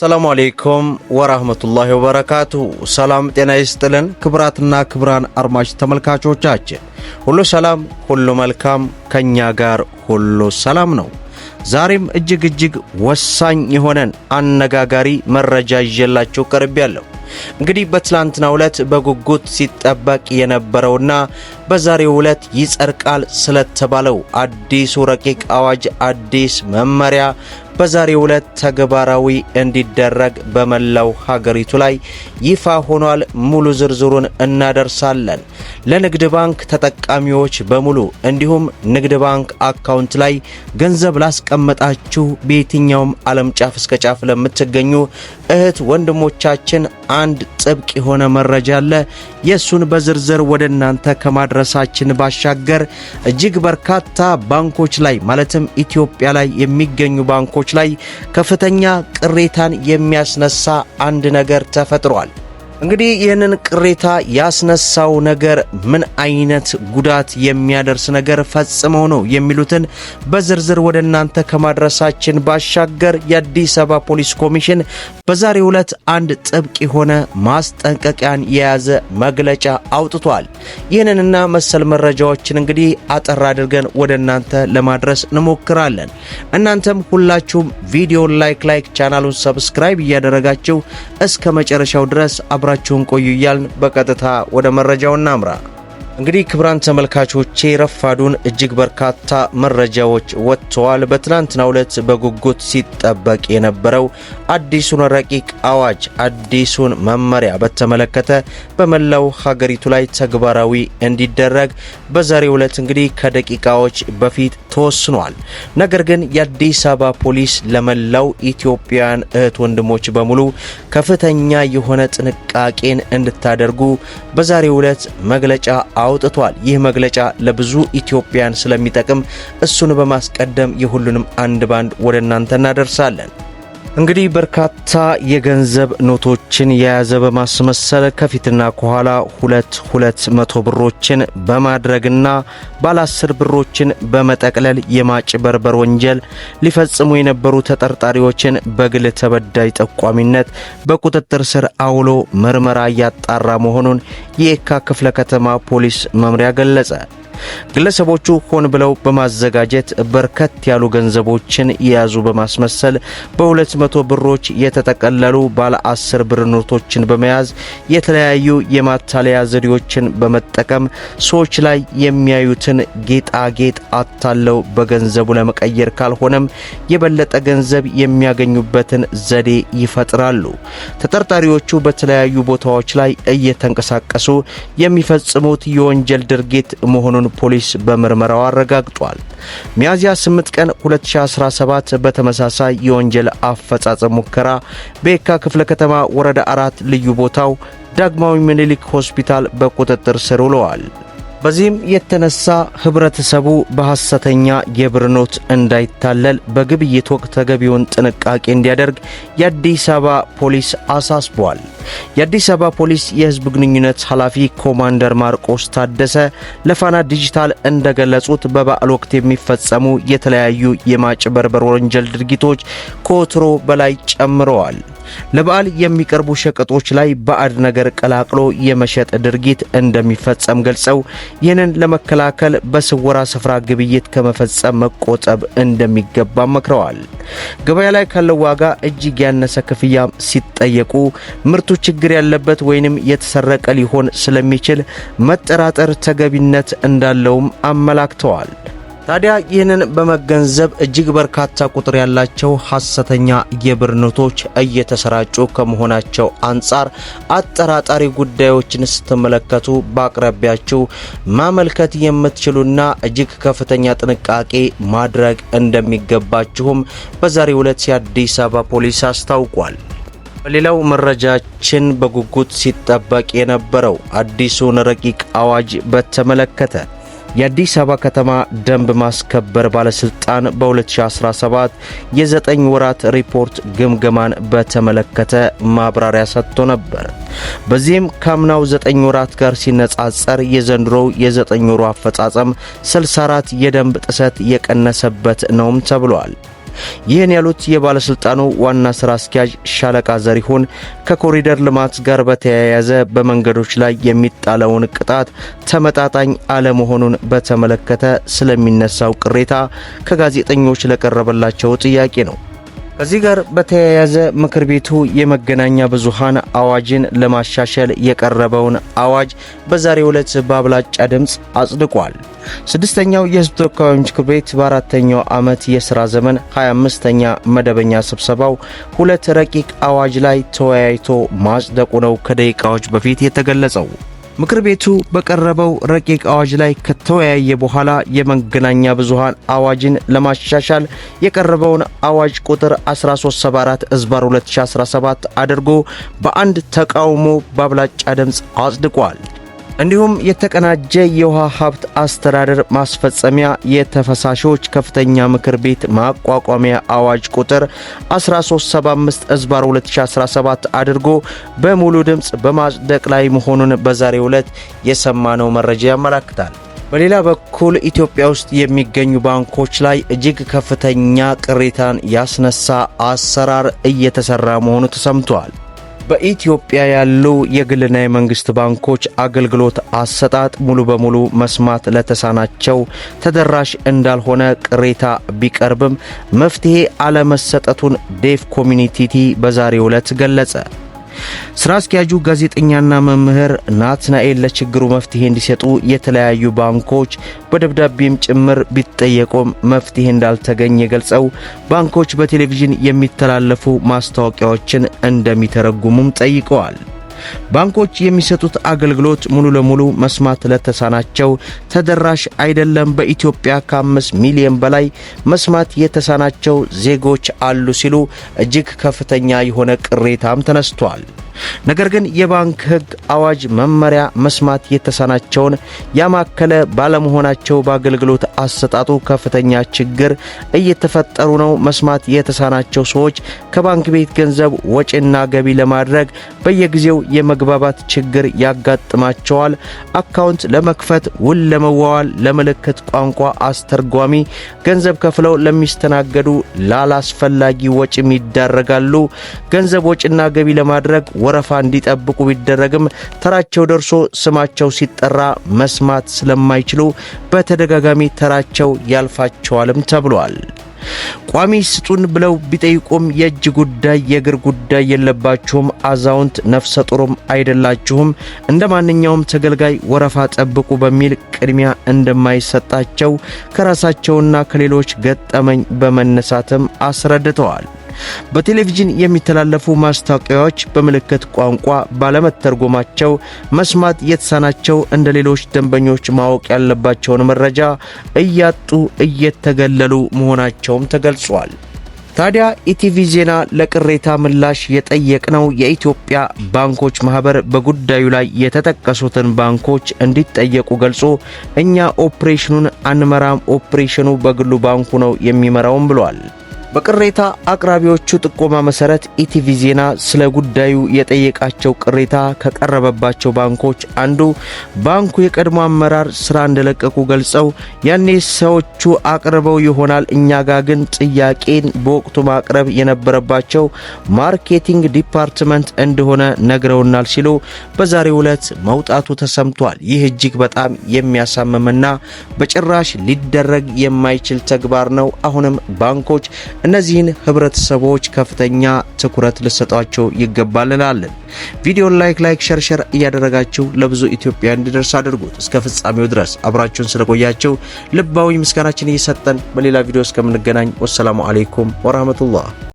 ሰላሙ አሌይኩም ወራህመቱላሂ ወበረካቱ ሰላም ጤና ይስጥልን። ክብራትና ክብራን አድማጭ ተመልካቾቻችን ሁሉ ሰላም፣ ሁሉ መልካም፣ ከእኛ ጋር ሁሉ ሰላም ነው። ዛሬም እጅግ እጅግ ወሳኝ የሆነን አነጋጋሪ መረጃ ይዤላችሁ ያለሁ። እንግዲህ በትላንትናው ዕለት በጉጉት ሲጠበቅ የነበረውና በዛሬው ዕለት ይጸድቃል ስለተባለው አዲሱ ረቂቅ አዋጅ አዲስ መመሪያ በዛሬው ዕለት ተግባራዊ እንዲደረግ በመላው ሀገሪቱ ላይ ይፋ ሆኗል። ሙሉ ዝርዝሩን እናደርሳለን። ለንግድ ባንክ ተጠቃሚዎች በሙሉ እንዲሁም ንግድ ባንክ አካውንት ላይ ገንዘብ ላስቀመጣችሁ በየትኛውም ዓለም ጫፍ እስከ ጫፍ ለምትገኙ እህት ወንድሞቻችን አንድ ጥብቅ የሆነ መረጃ አለ። የእሱን በዝርዝር ወደ እናንተ ከማድረሳችን ባሻገር እጅግ በርካታ ባንኮች ላይ ማለትም ኢትዮጵያ ላይ የሚገኙ ባንኮች ላይ ከፍተኛ ቅሬታን የሚያስነሳ አንድ ነገር ተፈጥሯል። እንግዲህ ይህንን ቅሬታ ያስነሳው ነገር ምን አይነት ጉዳት የሚያደርስ ነገር ፈጽመው ነው የሚሉትን በዝርዝር ወደ እናንተ ከማድረሳችን ባሻገር የአዲስ አበባ ፖሊስ ኮሚሽን በዛሬው ዕለት አንድ ጥብቅ የሆነ ማስጠንቀቂያን የያዘ መግለጫ አውጥቷል። ይህንንና መሰል መረጃዎችን እንግዲህ አጠር አድርገን ወደ እናንተ ለማድረስ እንሞክራለን። እናንተም ሁላችሁም ቪዲዮን ላይክ ላይክ ቻናሉን ሰብስክራይብ እያደረጋችሁ እስከ መጨረሻው ድረስ አብ አብራችሁን ቆዩ እያልን በቀጥታ ወደ መረጃው እናምራ። እንግዲህ ክብራን ተመልካቾቼ ረፋዱን እጅግ በርካታ መረጃዎች ወጥተዋል። በትናንትናው ዕለት በጉጉት ሲጠበቅ የነበረው አዲሱን ረቂቅ አዋጅ አዲሱን መመሪያ በተመለከተ በመላው ሀገሪቱ ላይ ተግባራዊ እንዲደረግ በዛሬው ዕለት እንግዲህ ከደቂቃዎች በፊት ተወስኗል። ነገር ግን የአዲስ አበባ ፖሊስ ለመላው ኢትዮጵያውያን እህት ወንድሞች በሙሉ ከፍተኛ የሆነ ጥንቃቄን እንድታደርጉ በዛሬው ዕለት መግለጫ አውጥቷል። ይህ መግለጫ ለብዙ ኢትዮጵያን ስለሚጠቅም እሱን በማስቀደም የሁሉንም አንድ ባንድ ወደ እናንተ እናደርሳለን። እንግዲህ በርካታ የገንዘብ ኖቶችን የያዘ በማስመሰል ከፊትና ከኋላ ሁለት ሁለት መቶ ብሮችን በማድረግና ባለ አስር ብሮችን በመጠቅለል የማጭበርበር ወንጀል ሊፈጽሙ የነበሩ ተጠርጣሪዎችን በግል ተበዳይ ጠቋሚነት በቁጥጥር ስር አውሎ ምርመራ እያጣራ መሆኑን የካ ክፍለ ከተማ ፖሊስ መምሪያ ገለጸ። ግለሰቦቹ ሆን ብለው በማዘጋጀት በርከት ያሉ ገንዘቦችን የያዙ በማስመሰል በ200 ብሮች የተጠቀለሉ ባለ አስር ብር ኖቶችን በመያዝ የተለያዩ የማታለያ ዘዴዎችን በመጠቀም ሰዎች ላይ የሚያዩትን ጌጣጌጥ አታለው በገንዘቡ ለመቀየር ካልሆነም የበለጠ ገንዘብ የሚያገኙበትን ዘዴ ይፈጥራሉ። ተጠርጣሪዎቹ በተለያዩ ቦታዎች ላይ እየተንቀሳቀሱ የሚፈጽሙት የወንጀል ድርጊት መሆኑን ፖሊስ በምርመራው አረጋግጧል። ሚያዝያ 8 ቀን 2017 በተመሳሳይ የወንጀል አፈጻጸም ሙከራ በየካ ክፍለ ከተማ ወረዳ አራት ልዩ ቦታው ዳግማዊ ምኒልክ ሆስፒታል በቁጥጥር ስር ውለዋል። በዚህም የተነሳ ህብረተሰቡ በሐሰተኛ የብር ኖት እንዳይታለል በግብይት ወቅት ተገቢውን ጥንቃቄ እንዲያደርግ የአዲስ አበባ ፖሊስ አሳስቧል። የአዲስ አበባ ፖሊስ የህዝብ ግንኙነት ኃላፊ ኮማንደር ማርቆስ ታደሰ ለፋና ዲጂታል እንደገለጹት በበዓል ወቅት የሚፈጸሙ የተለያዩ የማጭበርበር ወንጀል ድርጊቶች ከወትሮ በላይ ጨምረዋል። ለበዓል የሚቀርቡ ሸቀጦች ላይ ባዕድ ነገር ቀላቅሎ የመሸጥ ድርጊት እንደሚፈጸም ገልጸው ይህንን ለመከላከል በስወራ ስፍራ ግብይት ከመፈጸም መቆጠብ እንደሚገባ መክረዋል። ገበያ ላይ ካለው ዋጋ እጅግ ያነሰ ክፍያ ሲጠየቁ ምርቱ ችግር ያለበት ወይንም የተሰረቀ ሊሆን ስለሚችል መጠራጠር ተገቢነት እንዳለውም አመላክተዋል። ታዲያ ይህንን በመገንዘብ እጅግ በርካታ ቁጥር ያላቸው ሐሰተኛ የብር ኖቶች እየተሰራጩ ከመሆናቸው አንጻር አጠራጣሪ ጉዳዮችን ስትመለከቱ በአቅራቢያችሁ ማመልከት የምትችሉና እጅግ ከፍተኛ ጥንቃቄ ማድረግ እንደሚገባችሁም በዛሬው ዕለት የአዲስ አበባ ፖሊስ አስታውቋል። በሌላው መረጃችን በጉጉት ሲጠበቅ የነበረው አዲሱን ረቂቅ አዋጅ በተመለከተ የአዲስ አበባ ከተማ ደንብ ማስከበር ባለስልጣን በ2017 የዘጠኝ ወራት ሪፖርት ግምገማን በተመለከተ ማብራሪያ ሰጥቶ ነበር። በዚህም ካምናው ዘጠኝ ወራት ጋር ሲነጻጸር የዘንድሮው የዘጠኝ ወሩ አፈጻጸም 64 የደንብ ጥሰት የቀነሰበት ነውም ተብሏል። ይህን ያሉት የባለስልጣኑ ዋና ስራ አስኪያጅ ሻለቃ ዘሪሁን ከኮሪደር ልማት ጋር በተያያዘ በመንገዶች ላይ የሚጣለውን ቅጣት ተመጣጣኝ አለመሆኑን በተመለከተ ስለሚነሳው ቅሬታ ከጋዜጠኞች ለቀረበላቸው ጥያቄ ነው። ከዚህ ጋር በተያያዘ ምክር ቤቱ የመገናኛ ብዙሃን አዋጅን ለማሻሻል የቀረበውን አዋጅ በዛሬው ዕለት በአብላጫ ድምፅ አጽድቋል። ስድስተኛው የህዝብ ተወካዮች ምክር ቤት በአራተኛው ዓመት የሥራ ዘመን 25ኛ መደበኛ ስብሰባው ሁለት ረቂቅ አዋጅ ላይ ተወያይቶ ማጽደቁ ነው ከደቂቃዎች በፊት የተገለጸው። ምክር ቤቱ በቀረበው ረቂቅ አዋጅ ላይ ከተወያየ በኋላ የመገናኛ ብዙሃን አዋጅን ለማሻሻል የቀረበውን አዋጅ ቁጥር 1374 እዝባር 2017 አድርጎ በአንድ ተቃውሞ በአብላጫ ድምፅ አጽድቋል። እንዲሁም የተቀናጀ የውሃ ሀብት አስተዳደር ማስፈጸሚያ የተፈሳሾች ከፍተኛ ምክር ቤት ማቋቋሚያ አዋጅ ቁጥር 1375 እዝባር 2017 አድርጎ በሙሉ ድምፅ በማጽደቅ ላይ መሆኑን በዛሬ ዕለት የሰማነው መረጃ ያመላክታል። በሌላ በኩል ኢትዮጵያ ውስጥ የሚገኙ ባንኮች ላይ እጅግ ከፍተኛ ቅሬታን ያስነሳ አሰራር እየተሰራ መሆኑ ተሰምቷል። በኢትዮጵያ ያሉ የግልና የመንግስት ባንኮች አገልግሎት አሰጣጥ ሙሉ በሙሉ መስማት ለተሳናቸው ተደራሽ እንዳልሆነ ቅሬታ ቢቀርብም መፍትሄ አለመሰጠቱን ዴፍ ኮሚኒቲቲ በዛሬው ዕለት ገለጸ። ስራ አስኪያጁ ጋዜጠኛና መምህር ናትናኤል ለችግሩ መፍትሄ እንዲሰጡ የተለያዩ ባንኮች በደብዳቤም ጭምር ቢጠየቁም መፍትሄ እንዳልተገኘ ገልጸው ባንኮች በቴሌቪዥን የሚተላለፉ ማስታወቂያዎችን እንደሚተረጉሙም ጠይቀዋል። ባንኮች የሚሰጡት አገልግሎት ሙሉ ለሙሉ መስማት ለተሳናቸው ተደራሽ አይደለም። በኢትዮጵያ ከአምስት ሚሊዮን በላይ መስማት የተሳናቸው ዜጎች አሉ ሲሉ እጅግ ከፍተኛ የሆነ ቅሬታም ተነስቷል። ነገር ግን የባንክ ህግ አዋጅ መመሪያ መስማት የተሳናቸውን ያማከለ ባለመሆናቸው በአገልግሎት አሰጣጡ ከፍተኛ ችግር እየተፈጠሩ ነው። መስማት የተሳናቸው ሰዎች ከባንክ ቤት ገንዘብ ወጪና ገቢ ለማድረግ በየጊዜው የመግባባት ችግር ያጋጥማቸዋል። አካውንት ለመክፈት፣ ውል ለመዋዋል፣ ለምልክት ቋንቋ አስተርጓሚ ገንዘብ ከፍለው ለሚስተናገዱ ላላስፈላጊ ወጪም ይዳረጋሉ። ገንዘብ ወጪና ገቢ ለማድረግ ወረፋ እንዲጠብቁ ቢደረግም ተራቸው ደርሶ ስማቸው ሲጠራ መስማት ስለማይችሉ በተደጋጋሚ ተራቸው ያልፋቸዋልም ተብሏል። ቋሚ ስጡን ብለው ቢጠይቁም የእጅ ጉዳይ የእግር ጉዳይ የለባችሁም፣ አዛውንት ነፍሰ ጡርም አይደላችሁም፣ እንደ ማንኛውም ተገልጋይ ወረፋ ጠብቁ በሚል ቅድሚያ እንደማይሰጣቸው ከራሳቸውና ከሌሎች ገጠመኝ በመነሳትም አስረድተዋል። በቴሌቪዥን የሚተላለፉ ማስታወቂያዎች በምልክት ቋንቋ ባለመተርጎማቸው መስማት የተሳናቸው እንደ ሌሎች ደንበኞች ማወቅ ያለባቸውን መረጃ እያጡ እየተገለሉ መሆናቸውም ተገልጿል። ታዲያ ኢቲቪ ዜና ለቅሬታ ምላሽ የጠየቅነው የኢትዮጵያ ባንኮች ማህበር በጉዳዩ ላይ የተጠቀሱትን ባንኮች እንዲጠየቁ ገልጾ እኛ ኦፕሬሽኑን አንመራም፣ ኦፕሬሽኑ በግሉ ባንኩ ነው የሚመራውም ብሏል። በቅሬታ አቅራቢዎቹ ጥቆማ መሰረት ኢቲቪ ዜና ስለ ጉዳዩ የጠየቃቸው ቅሬታ ከቀረበባቸው ባንኮች አንዱ ባንኩ የቀድሞ አመራር ስራ እንደለቀቁ ገልጸው ያኔ ሰዎቹ አቅርበው ይሆናል፣ እኛ ጋ ግን ጥያቄን በወቅቱ ማቅረብ የነበረባቸው ማርኬቲንግ ዲፓርትመንት እንደሆነ ነግረውናል ሲሉ በዛሬው ዕለት መውጣቱ ተሰምቷል። ይህ እጅግ በጣም የሚያሳምምና በጭራሽ ሊደረግ የማይችል ተግባር ነው። አሁንም ባንኮች እነዚህን ህብረተሰቦች ከፍተኛ ትኩረት ልሰጧቸው ይገባል እንላለን። ቪዲዮን ላይክ ላይክ ሸር ሸር እያደረጋችሁ ለብዙ ኢትዮጵያ እንዲደርስ አድርጉት። እስከ ፍጻሜው ድረስ አብራችሁን ስለቆያችሁ ልባዊ ምስጋናችን እየሰጠን በሌላ ቪዲዮ እስከምንገናኝ ወሰላሙ አሌይኩም ወራህመቱላህ